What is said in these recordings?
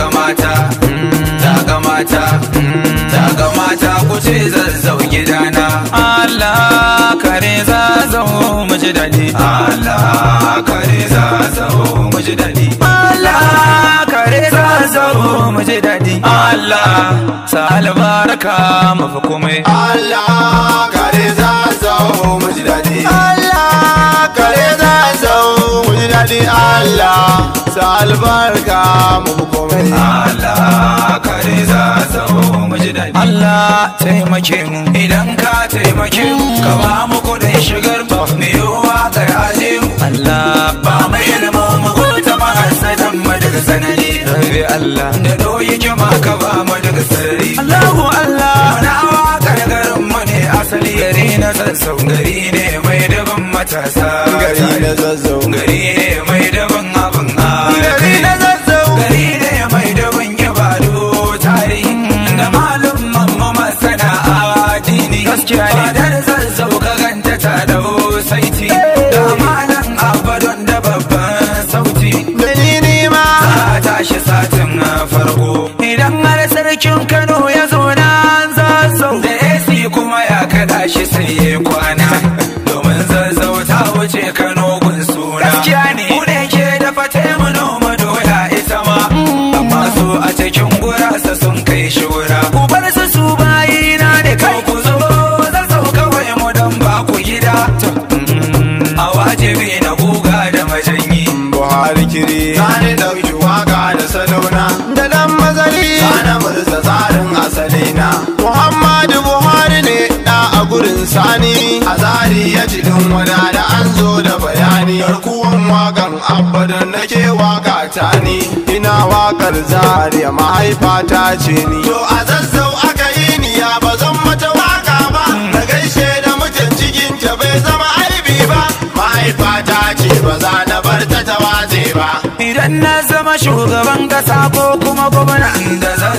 takamata mm, takamata mm, takamata ku ce zazzau gidana Allah kare zazzau mu ji daɗi Allah kare zazzau mu ji daɗi Allah kare zazzau mu ji daɗi Allah sa albarka mu fi kome Allah kare zazzau mu ji daɗi Allah kare zazzau mu ji daɗi Allah sa albarka mu fi sani Allah kare za sau mu ji daɗi Allah taimake mu idan ka taimake mu ka ba mu kuɗin shigar ba mu yiwa ta aje mu Allah ba mu ilmu mu kuta ma hasadan mu daga sanadi Rabbi Allah da doyi jama ka ba mu daga sarari Allahu Allah mana waƙar garin mu ne asali gari na zazzau gari ne mai daban matasa gari na zazzau gari ne gaskiya ne fadar zan ganta ta dawo saiti da malam abadon da babban sauti dalili ma za tashi satin farko idan har sarkin kano ya zo na zazzau da ac kuma ya kada shi sai ya kwana domin zazzau ta wuce kano cikin wada da an zo da bayani garkuwan wakan abadan nake waka ta ni ina wakar zariya mahaifa ta ce ni to a zazzau aka yi ni ya ba zan mata waka ba na gaishe da mutum cikin ta bai zama aibi ba mahaifa ta ce ba za na bar ta ta ba idan na zama shugaban kasa ko kuma gwamna da zan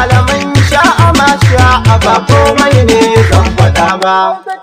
kalaman sha'a ma sha'a ba komai ne zan faɗa ba